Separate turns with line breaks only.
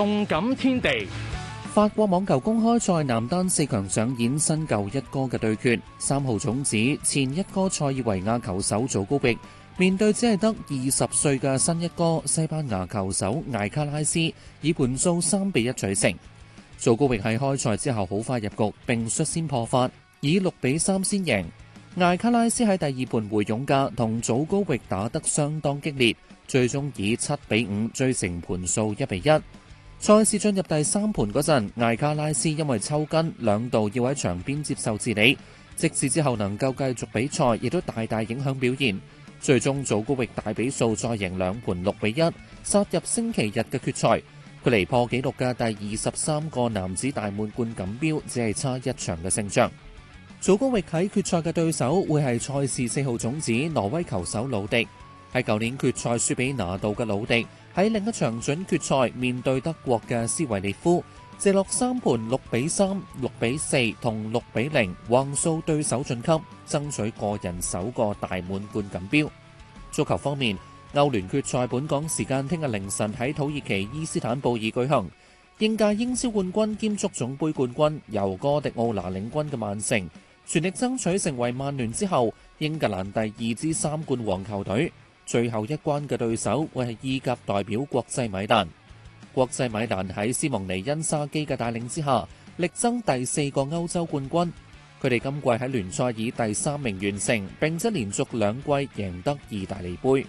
動感天地，法國網球公開賽男單四強上演新舊一哥嘅對決。三號種子，前一哥塞爾維亞球手祖高域面對只係得二十歲嘅新一哥，西班牙球手艾卡拉斯，以盤數三比一取勝。祖高域喺開賽之後好快入局，並率先破發，以六比三先贏。艾卡拉斯喺第二盤回勇噶，同祖高域打得相當激烈，最終以七比五追成盤數一比一。賽事進入第三盤嗰陣，艾卡拉斯因為抽筋，兩度要喺場邊接受治理，直至之後能夠繼續比賽，亦都大大影響表現。最終，祖高域大比數再贏兩盤六比一，殺入星期日嘅決賽，佢離破紀錄嘅第二十三個男子大滿貫錦標只係差一場嘅勝仗。祖高域喺決賽嘅對手會係賽事四號種子挪威球手魯迪。喺舊年決賽輸俾拿度嘅魯迪，喺另一場準決賽面對德國嘅斯維列夫，直落三盤六比三、六比四同六比零，橫掃對手晉級，爭取個人首個大滿貫錦標。足球方面，歐聯決賽本港時間聽日凌晨喺土耳其伊斯坦布爾舉行，應屆英超冠軍兼足總杯冠軍由哥迪奧拿領軍嘅曼城，全力爭取成為曼聯之後英格蘭第二支三冠王球隊。最後一關嘅對手會係意甲代表國際米蘭。國際米蘭喺斯蒙尼恩沙基嘅帶領之下，力爭第四個歐洲冠軍。佢哋今季喺聯賽以第三名完成，並且連續兩季贏得意大利杯。